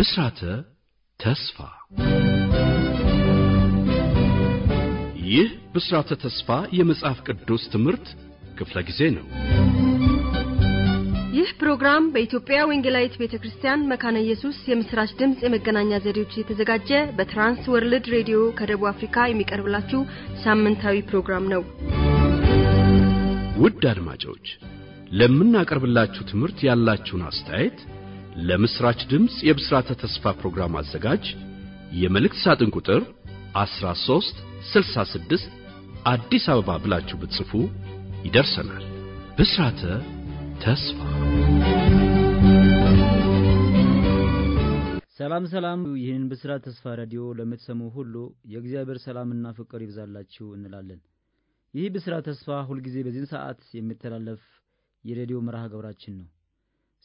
ብስራተ ተስፋ ይህ ብስራተ ተስፋ የመጽሐፍ ቅዱስ ትምህርት ክፍለ ጊዜ ነው። ይህ ፕሮግራም በኢትዮጵያ ወንጌላዊት ቤተ ክርስቲያን መካነ ኢየሱስ የምስራች ድምፅ የመገናኛ ዘዴዎች የተዘጋጀ በትራንስ ወርልድ ሬዲዮ ከደቡብ አፍሪካ የሚቀርብላችሁ ሳምንታዊ ፕሮግራም ነው። ውድ አድማጮች ለምናቀርብላችሁ ትምህርት ያላችሁን አስተያየት ለምስራች ድምፅ የብስራተ ተስፋ ፕሮግራም አዘጋጅ የመልእክት ሳጥን ቁጥር 13 66 አዲስ አበባ ብላችሁ ብትጽፉ ይደርሰናል። ብስራተ ተስፋ። ሰላም ሰላም። ይህን ብስራት ተስፋ ሬዲዮ ለምትሰሙ ሁሉ የእግዚአብሔር ሰላምና ፍቅር ይብዛላችሁ እንላለን። ይህ ብስራት ተስፋ ሁልጊዜ በዚህን ሰዓት የሚተላለፍ የሬዲዮ መርሃ ግብራችን ነው።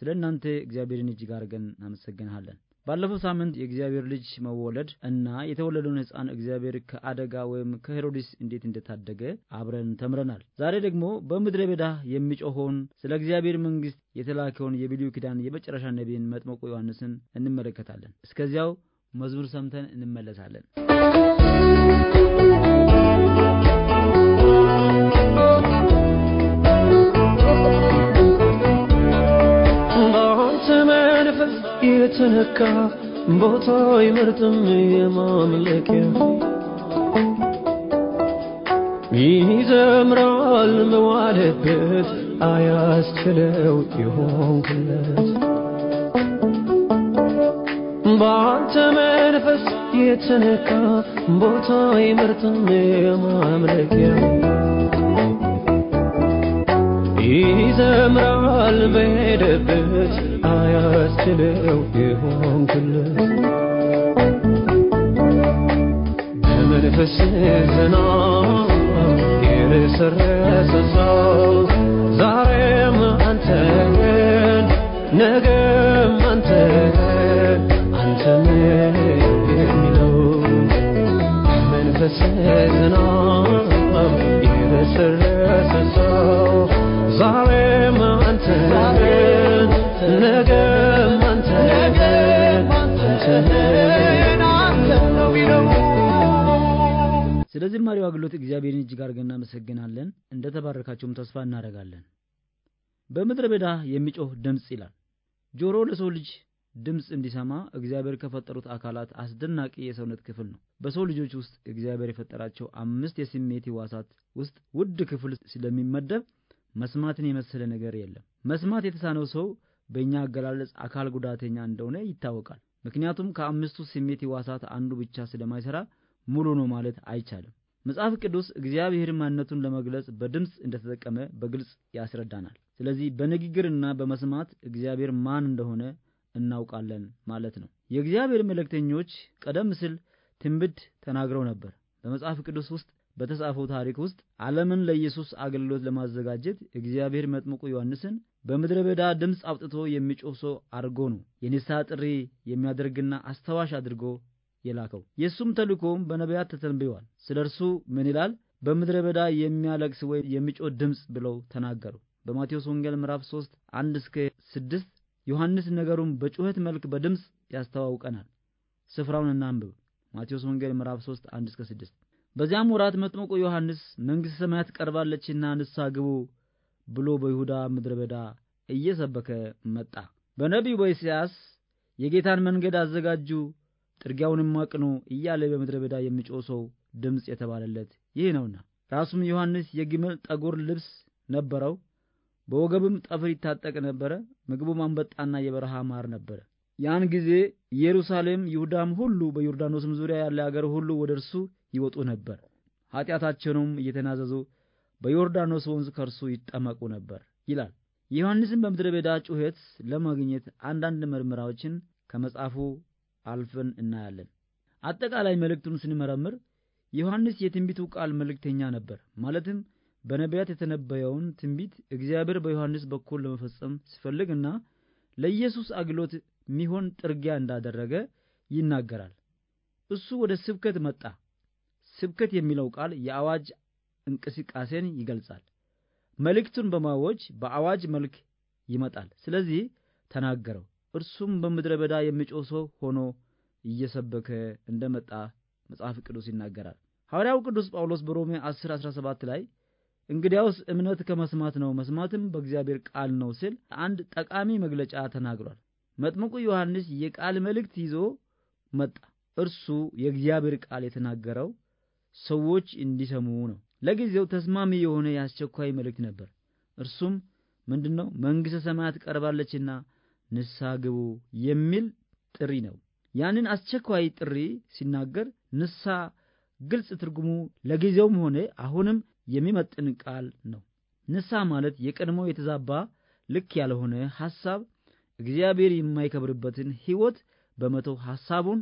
ስለ እናንተ እግዚአብሔርን እጅግ አድርገን እናመሰግንሃለን። ባለፈው ሳምንት የእግዚአብሔር ልጅ መወለድ እና የተወለደውን ሕፃን እግዚአብሔር ከአደጋ ወይም ከሄሮድስ እንዴት እንደታደገ አብረን ተምረናል። ዛሬ ደግሞ በምድረ በዳ የሚጮኸውን ስለ እግዚአብሔር መንግሥት የተላከውን የብሉይ ኪዳን የመጨረሻ ነቢይን መጥመቁ ዮሐንስን እንመለከታለን። እስከዚያው መዝሙር ሰምተን እንመለሳለን። ለካ ቦታ አይመርጥም የማምለኪያ ይዘምራል መዋደበት አያስችለው የሆንክለት በአንተ መንፈስ የተነካ ቦታ አይመርጥም የማምለኪያ ይዘምራል በሄደበት የሚያስችለው የሆንክልን በመንፈስ ዘና የረሰረሰ ሰው ዛሬም አንተን ነገር ሕይወት እግዚአብሔርን እጅግ አድርገን እናመሰግናለን። እንደ ተባረካችሁም ተስፋ እናደርጋለን። በምድረ በዳ የሚጮህ ድምፅ ይላል። ጆሮ ለሰው ልጅ ድምፅ እንዲሰማ እግዚአብሔር ከፈጠሩት አካላት አስደናቂ የሰውነት ክፍል ነው። በሰው ልጆች ውስጥ እግዚአብሔር የፈጠራቸው አምስት የስሜት ህዋሳት ውስጥ ውድ ክፍል ስለሚመደብ መስማትን የመሰለ ነገር የለም። መስማት የተሳነው ሰው በእኛ አገላለጽ አካል ጉዳተኛ እንደሆነ ይታወቃል። ምክንያቱም ከአምስቱ ስሜት ህዋሳት አንዱ ብቻ ስለማይሰራ ሙሉ ነው ማለት አይቻልም። መጽሐፍ ቅዱስ እግዚአብሔር ማንነቱን ለመግለጽ በድምፅ እንደተጠቀመ በግልጽ ያስረዳናል። ስለዚህ በንግግርና በመስማት እግዚአብሔር ማን እንደሆነ እናውቃለን ማለት ነው። የእግዚአብሔር መልእክተኞች ቀደም ሲል ትንቢት ተናግረው ነበር። በመጽሐፍ ቅዱስ ውስጥ በተጻፈው ታሪክ ውስጥ ዓለምን ለኢየሱስ አገልግሎት ለማዘጋጀት እግዚአብሔር መጥምቁ ዮሐንስን በምድረ በዳ ድምፅ አውጥቶ የሚጮህ ሰው አድርጎ ነው የንስሐ ጥሪ የሚያደርግና አስተዋሽ አድርጎ የላከው። የእሱም ተልእኮም በነቢያት ተተንብዮአል። ስለ እርሱ ምን ይላል? በምድረ በዳ የሚያለቅስ ወይ የሚጮህ ድምፅ ብለው ተናገሩ። በማቴዎስ ወንጌል ምዕራፍ 3 1 እስከ 6 ዮሐንስ ነገሩን በጩኸት መልክ በድምፅ ያስተዋውቀናል። ስፍራውን እናንብብ። ማቴዎስ ወንጌል ምዕራፍ 3 1 እስከ 6 በዚያም ወራት መጥምቁ ዮሐንስ መንግሥተ ሰማያት ቀርባለችና ንስሐ ግቡ ብሎ በይሁዳ ምድረ በዳ እየሰበከ መጣ። በነቢዩ በኢሳይያስ የጌታን መንገድ አዘጋጁ ጥርጊያውንም ማቅኖ እያለ በምድረ በዳ የሚጮህ ሰው ድምፅ የተባለለት ይህ ነውና። ራሱም ዮሐንስ የግመል ጠጉር ልብስ ነበረው፣ በወገብም ጠፍር ይታጠቅ ነበረ። ምግቡም አንበጣና የበረሃ ማር ነበረ። ያን ጊዜ ኢየሩሳሌም፣ ይሁዳም ሁሉ በዮርዳኖስም ዙሪያ ያለ አገር ሁሉ ወደ እርሱ ይወጡ ነበር። ኃጢአታቸውንም እየተናዘዙ በዮርዳኖስ ወንዝ ከእርሱ ይጠመቁ ነበር ይላል። ዮሐንስን በምድረ በዳ ጩኸት ለማግኘት አንዳንድ ምርመራዎችን ከመጽሐፉ አልፈን እናያለን። አጠቃላይ መልእክቱን ስንመረምር ዮሐንስ የትንቢቱ ቃል መልእክተኛ ነበር። ማለትም በነቢያት የተነበየውን ትንቢት እግዚአብሔር በዮሐንስ በኩል ለመፈጸም ሲፈልግና ለኢየሱስ አግሎት ሚሆን ጥርጊያ እንዳደረገ ይናገራል። እሱ ወደ ስብከት መጣ። ስብከት የሚለው ቃል የአዋጅ እንቅስቃሴን ይገልጻል። መልእክቱን በማወጅ በአዋጅ መልክ ይመጣል። ስለዚህ ተናገረው። እርሱም በምድረ በዳ የሚጮህ ሰው ሆኖ እየሰበከ እንደመጣ መጽሐፍ ቅዱስ ይናገራል። ሐዋርያው ቅዱስ ጳውሎስ በሮሜ 10 17 ላይ እንግዲያውስ እምነት ከመስማት ነው፣ መስማትም በእግዚአብሔር ቃል ነው ሲል አንድ ጠቃሚ መግለጫ ተናግሯል። መጥምቁ ዮሐንስ የቃል መልእክት ይዞ መጣ። እርሱ የእግዚአብሔር ቃል የተናገረው ሰዎች እንዲሰሙ ነው። ለጊዜው ተስማሚ የሆነ የአስቸኳይ መልእክት ነበር። እርሱም ምንድን ነው? መንግሥተ ሰማያት ቀርባለችና ንስሐ ግቡ የሚል ጥሪ ነው። ያንን አስቸኳይ ጥሪ ሲናገር ንስሐ ግልጽ ትርጉሙ ለጊዜውም ሆነ አሁንም የሚመጥን ቃል ነው። ንስሐ ማለት የቀድሞ የተዛባ ልክ ያልሆነ ሐሳብ እግዚአብሔር የማይከብርበትን ሕይወት በመቶ ሐሳቡን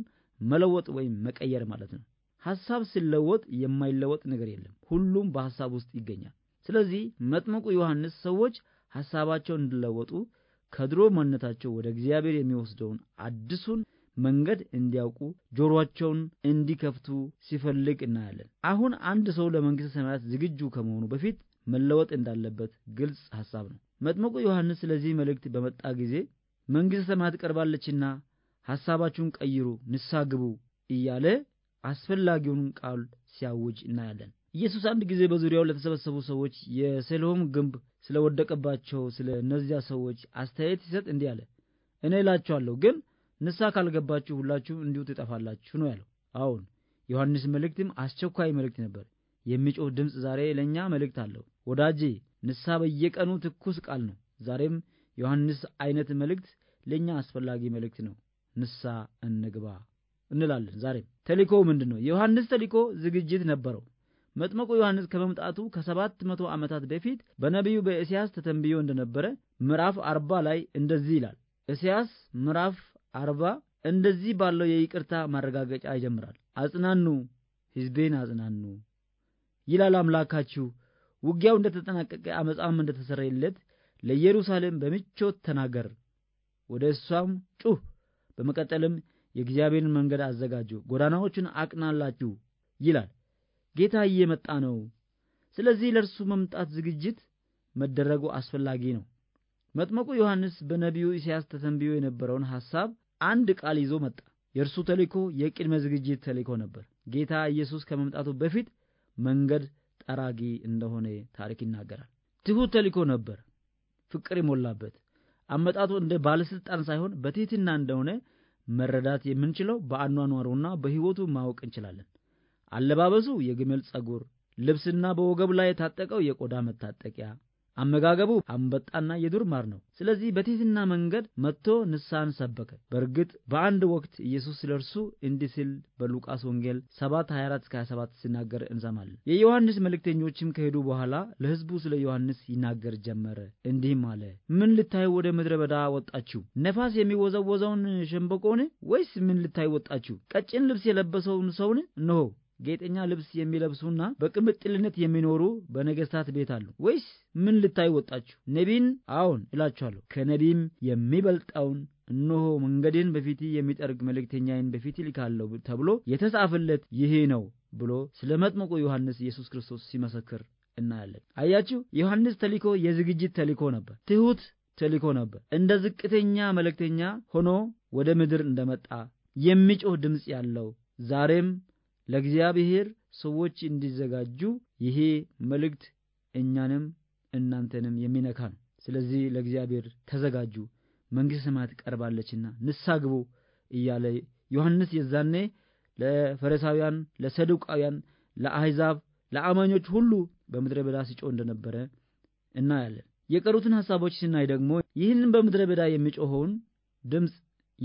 መለወጥ ወይም መቀየር ማለት ነው። ሐሳብ ሲለወጥ የማይለወጥ ነገር የለም። ሁሉም በሐሳብ ውስጥ ይገኛል። ስለዚህ መጥምቁ ዮሐንስ ሰዎች ሐሳባቸውን እንዲለወጡ ከድሮ ማንነታቸው ወደ እግዚአብሔር የሚወስደውን አዲሱን መንገድ እንዲያውቁ ጆሮአቸውን እንዲከፍቱ ሲፈልግ እናያለን። አሁን አንድ ሰው ለመንግሥተ ሰማያት ዝግጁ ከመሆኑ በፊት መለወጥ እንዳለበት ግልጽ ሐሳብ ነው። መጥምቁ ዮሐንስ ስለዚህ መልእክት በመጣ ጊዜ መንግሥተ ሰማያት ቀርባለችና ሐሳባችሁን ቀይሩ፣ ንስሐ ግቡ እያለ አስፈላጊውን ቃል ሲያውጅ እናያለን። ኢየሱስ አንድ ጊዜ በዙሪያው ለተሰበሰቡ ሰዎች የሴሎም ግንብ ስለወደቀባቸው ስለ እነዚያ ሰዎች አስተያየት ሲሰጥ እንዲህ አለ። እኔ እላችኋለሁ ግን ንስሐ ካልገባችሁ ሁላችሁም እንዲሁ ትጠፋላችሁ ነው ያለው። አሁን ዮሐንስ መልእክትም አስቸኳይ መልእክት ነበር። የሚጮህ ድምፅ ዛሬ ለእኛ መልእክት አለው። ወዳጄ ንስሐ በየቀኑ ትኩስ ቃል ነው። ዛሬም ዮሐንስ አይነት መልእክት ለእኛ አስፈላጊ መልእክት ነው። ንስሐ እንግባ እንላለን። ዛሬም ተልእኮው ምንድን ነው? የዮሐንስ ተልእኮ ዝግጅት ነበረው። መጥመቁ ዮሐንስ ከመምጣቱ ከሰባት መቶ ዓመታት በፊት በነቢዩ በእስያስ ተተንብዮ እንደነበረ ምዕራፍ አርባ ላይ እንደዚህ ይላል። እስያስ ምዕራፍ አርባ እንደዚህ ባለው የይቅርታ ማረጋገጫ ይጀምራል። አጽናኑ፣ ሕዝቤን አጽናኑ ይላል አምላካችሁ። ውጊያው እንደተጠናቀቀ አመጻም እንደተሰረየለት ለኢየሩሳሌም በምቾት ተናገር፣ ወደ እሷም ጩህ። በመቀጠልም የእግዚአብሔርን መንገድ አዘጋጁ፣ ጎዳናዎቹን አቅናላችሁ ይላል። ጌታ እየመጣ ነው። ስለዚህ ለእርሱ መምጣት ዝግጅት መደረጉ አስፈላጊ ነው። መጥመቁ ዮሐንስ በነቢዩ ኢሳያስ ተተንብዮ የነበረውን ሐሳብ አንድ ቃል ይዞ መጣ። የእርሱ ተልእኮ የቅድመ ዝግጅት ተልእኮ ነበር። ጌታ ኢየሱስ ከመምጣቱ በፊት መንገድ ጠራጊ እንደሆነ ታሪክ ይናገራል። ትሑት ተልእኮ ነበር፣ ፍቅር የሞላበት አመጣቱ እንደ ባለስልጣን ሳይሆን በትህትና እንደሆነ መረዳት የምንችለው በአኗኗሩና በሕይወቱ ማወቅ እንችላለን። አለባበሱ የግመል ጸጉር ልብስና በወገቡ ላይ የታጠቀው የቆዳ መታጠቂያ አመጋገቡ አንበጣና የዱር ማር ነው። ስለዚህ በትሕትና መንገድ መጥቶ ንስሐን ሰበከ። በእርግጥ በአንድ ወቅት ኢየሱስ ስለ እርሱ እንዲህ ሲል በሉቃስ ወንጌል 7:24-27 ሲናገር እንሰማለን። የዮሐንስ መልእክተኞችም ከሄዱ በኋላ ለሕዝቡ ስለ ዮሐንስ ይናገር ጀመረ። እንዲህም አለ፣ ምን ልታዩ ወደ ምድረ በዳ ወጣችሁ? ነፋስ የሚወዘወዘውን ሸምበቆን? ወይስ ምን ልታይ ወጣችሁ? ቀጭን ልብስ የለበሰውን ሰውን? እነሆ ጌጠኛ ልብስ የሚለብሱና በቅምጥልነት የሚኖሩ በነገስታት ቤት አሉ ወይስ ምን ልታይ ወጣችሁ? ነቢን አዎን እላችኋለሁ፣ ከነቢም የሚበልጣውን እነሆ መንገድን በፊት የሚጠርግ መልእክተኛዬን በፊት ይልካለሁ ተብሎ የተጻፈለት ይሄ ነው ብሎ ስለ መጥምቁ ዮሐንስ ኢየሱስ ክርስቶስ ሲመሰክር እናያለን። አያችሁ፣ ዮሐንስ ተልኮ የዝግጅት ተልኮ ነበር። ትሑት ተልኮ ነበር። እንደ ዝቅተኛ መልእክተኛ ሆኖ ወደ ምድር እንደመጣ የሚጮህ ድምፅ ያለው ዛሬም ለእግዚአብሔር ሰዎች እንዲዘጋጁ ይሄ መልእክት እኛንም እናንተንም የሚነካ ነው። ስለዚህ ለእግዚአብሔር ተዘጋጁ፣ መንግሥተ ሰማያት ቀርባለችና ንስሐ ግቡ እያለ ዮሐንስ የዛኔ ለፈሪሳውያን፣ ለሰዱቃውያን፣ ለአሕዛብ፣ ለአማኞች ሁሉ በምድረ በዳ ሲጮ እንደነበረ እናያለን። የቀሩትን ሐሳቦች ስናይ ደግሞ ይህን በምድረ በዳ የሚጮኸውን ድምፅ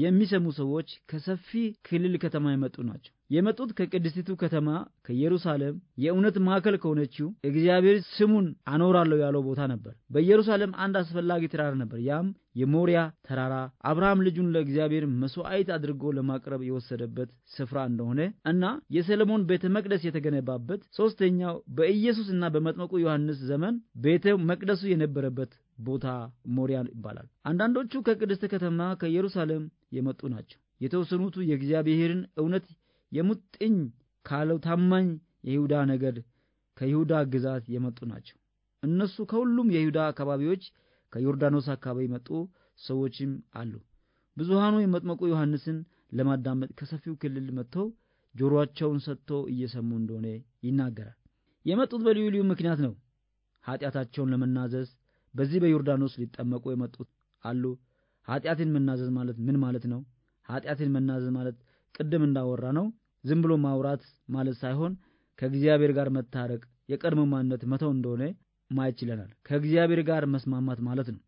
የሚሰሙ ሰዎች ከሰፊ ክልል ከተማ የመጡ ናቸው። የመጡት ከቅድስቲቱ ከተማ ከኢየሩሳሌም የእውነት ማዕከል ከሆነችው እግዚአብሔር ስሙን አኖራለሁ ያለው ቦታ ነበር። በኢየሩሳሌም አንድ አስፈላጊ ተራራ ነበር። ያም የሞሪያ ተራራ አብርሃም ልጁን ለእግዚአብሔር መስዋዕት አድርጎ ለማቅረብ የወሰደበት ስፍራ እንደሆነ እና የሰለሞን ቤተ መቅደስ የተገነባበት ሶስተኛው በኢየሱስ እና በመጥመቁ ዮሐንስ ዘመን ቤተ መቅደሱ የነበረበት ቦታ ሞሪያ ይባላል። አንዳንዶቹ ከቅድስት ከተማ ከኢየሩሳሌም የመጡ ናቸው። የተወሰኑቱ የእግዚአብሔርን እውነት የሙጥኝ ካለው ታማኝ የይሁዳ ነገድ ከይሁዳ ግዛት የመጡ ናቸው። እነሱ ከሁሉም የይሁዳ አካባቢዎች ከዮርዳኖስ አካባቢ የመጡ ሰዎችም አሉ። ብዙሃኑ የመጥመቁ ዮሐንስን ለማዳመጥ ከሰፊው ክልል መጥተው ጆሮአቸውን ሰጥቶ እየሰሙ እንደሆነ ይናገራል። የመጡት በልዩ ልዩ ምክንያት ነው። ኃጢአታቸውን ለመናዘዝ በዚህ በዮርዳኖስ ሊጠመቁ የመጡት አሉ። ኃጢአትን መናዘዝ ማለት ምን ማለት ነው? ኃጢአትን መናዘዝ ማለት ቅድም እንዳወራ ነው ዝም ብሎ ማውራት ማለት ሳይሆን ከእግዚአብሔር ጋር መታረቅ የቀድሞ ማንነት መተው እንደሆነ ማየት ችለናል። ከእግዚአብሔር ጋር መስማማት ማለት ነው።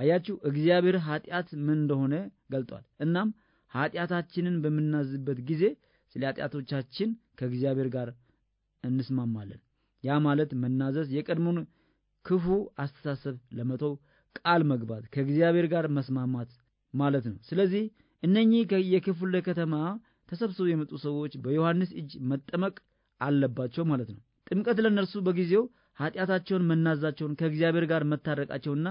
አያችሁ፣ እግዚአብሔር ኃጢአት ምን እንደሆነ ገልጧል። እናም ኃጢአታችንን በምናዝበት ጊዜ ስለ ኃጢአቶቻችን ከእግዚአብሔር ጋር እንስማማለን። ያ ማለት መናዘዝ የቀድሞን ክፉ አስተሳሰብ ለመተው ቃል መግባት ከእግዚአብሔር ጋር መስማማት ማለት ነው። ስለዚህ እነኚህ የክፍለ ከተማ ተሰብስበው የመጡ ሰዎች በዮሐንስ እጅ መጠመቅ አለባቸው ማለት ነው። ጥምቀት ለእነርሱ በጊዜው ኃጢአታቸውን መናዛቸውን ከእግዚአብሔር ጋር መታረቃቸውና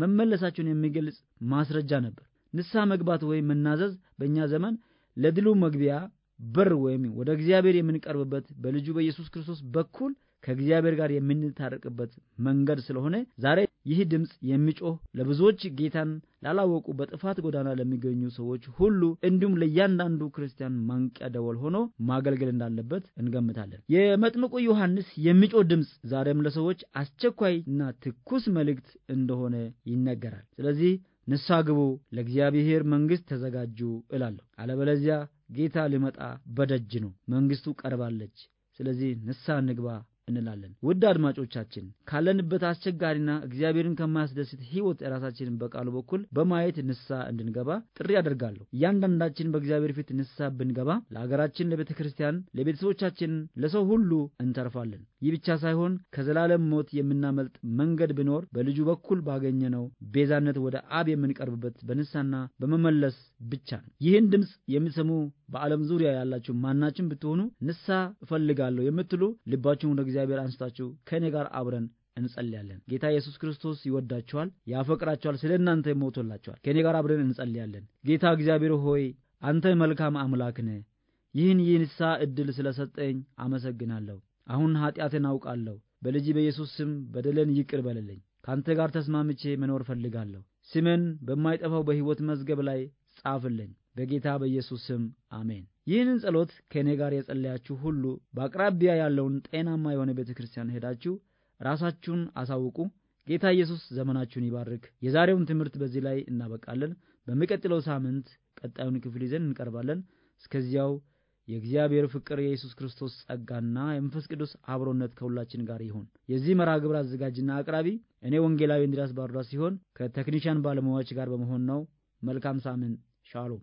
መመለሳቸውን የሚገልጽ ማስረጃ ነበር። ንስሐ መግባት ወይም መናዘዝ በእኛ ዘመን ለድሉ መግቢያ በር ወይም ወደ እግዚአብሔር የምንቀርብበት በልጁ በኢየሱስ ክርስቶስ በኩል ከእግዚአብሔር ጋር የምንታረቅበት መንገድ ስለሆነ ዛሬ ይህ ድምፅ የሚጮህ ለብዙዎች ጌታን ላላወቁ በጥፋት ጎዳና ለሚገኙ ሰዎች ሁሉ እንዲሁም ለእያንዳንዱ ክርስቲያን ማንቂያ ደወል ሆኖ ማገልገል እንዳለበት እንገምታለን። የመጥምቁ ዮሐንስ የሚጮህ ድምፅ ዛሬም ለሰዎች አስቸኳይ እና ትኩስ መልእክት እንደሆነ ይነገራል። ስለዚህ ንስሐ ግቡ፣ ለእግዚአብሔር መንግሥት ተዘጋጁ እላለሁ። አለበለዚያ ጌታ ሊመጣ በደጅ ነው፣ መንግሥቱ ቀርባለች። ስለዚህ ንስሐ ንግባ እንላለን። ውድ አድማጮቻችን ካለንበት አስቸጋሪና እግዚአብሔርን ከማያስደስት ሕይወት ራሳችንን በቃሉ በኩል በማየት ንስሐ እንድንገባ ጥሪ አደርጋለሁ። እያንዳንዳችን በእግዚአብሔር ፊት ንስሐ ብንገባ ለሀገራችን፣ ለቤተ ክርስቲያን፣ ለቤተሰቦቻችን፣ ለሰው ሁሉ እንተርፋለን። ይህ ብቻ ሳይሆን ከዘላለም ሞት የምናመልጥ መንገድ ቢኖር በልጁ በኩል ባገኘነው ቤዛነት ወደ አብ የምንቀርብበት በንሳና በመመለስ ብቻ ነው። ይህን ድምፅ የሚሰሙ በዓለም ዙሪያ ያላችሁ ማናችን ብትሆኑ ንሳ እፈልጋለሁ የምትሉ ልባችሁን ወደ እግዚአብሔር አንስታችሁ ከእኔ ጋር አብረን እንጸልያለን። ጌታ ኢየሱስ ክርስቶስ ይወዳችኋል፣ ያፈቅራችኋል፣ ስለ እናንተ ሞቶላችኋል። ከእኔ ጋር አብረን እንጸልያለን። ጌታ እግዚአብሔር ሆይ አንተ መልካም አምላክ ነህ። ይህን ይህ ንሳ ዕድል ስለሰጠኝ አመሰግናለሁ። አሁን ኃጢአትን አውቃለሁ። በልጅ በኢየሱስ ስም በደለን ይቅር በለልኝ። ካንተ ጋር ተስማምቼ መኖር ፈልጋለሁ። ስምን በማይጠፋው በሕይወት መዝገብ ላይ ጻፍልኝ። በጌታ በኢየሱስ ስም አሜን። ይህንን ጸሎት ከእኔ ጋር የጸለያችሁ ሁሉ በአቅራቢያ ያለውን ጤናማ የሆነ ቤተ ክርስቲያን ሄዳችሁ ራሳችሁን አሳውቁ። ጌታ ኢየሱስ ዘመናችሁን ይባርክ። የዛሬውን ትምህርት በዚህ ላይ እናበቃለን። በሚቀጥለው ሳምንት ቀጣዩን ክፍል ይዘን እንቀርባለን። እስከዚያው የእግዚአብሔር ፍቅር የኢየሱስ ክርስቶስ ጸጋና የመንፈስ ቅዱስ አብሮነት ከሁላችን ጋር ይሁን። የዚህ መርሃ ግብር አዘጋጅና አቅራቢ እኔ ወንጌላዊ እንድሪያስ ባርዷ ሲሆን ከቴክኒሽያን ባለሙያዎች ጋር በመሆን ነው። መልካም ሳምንት። ሻሎም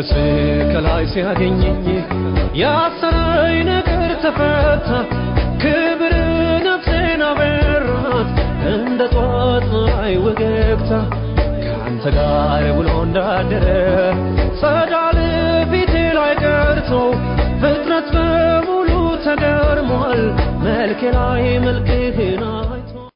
መንፈስ ከላይ ሲያገኘኝ ያሰረኝ ነገር ተፈታ። ክብር ነፍሴን አበራት እንደ ጧት ላይ ወገግታ ከአንተ ጋር ውሎ እንዳደረ ሰዳል ፊቴ ላይ ቀርቶ ፍጥረት በሙሉ ተገርሟል። መልኬ ላይ መልክህና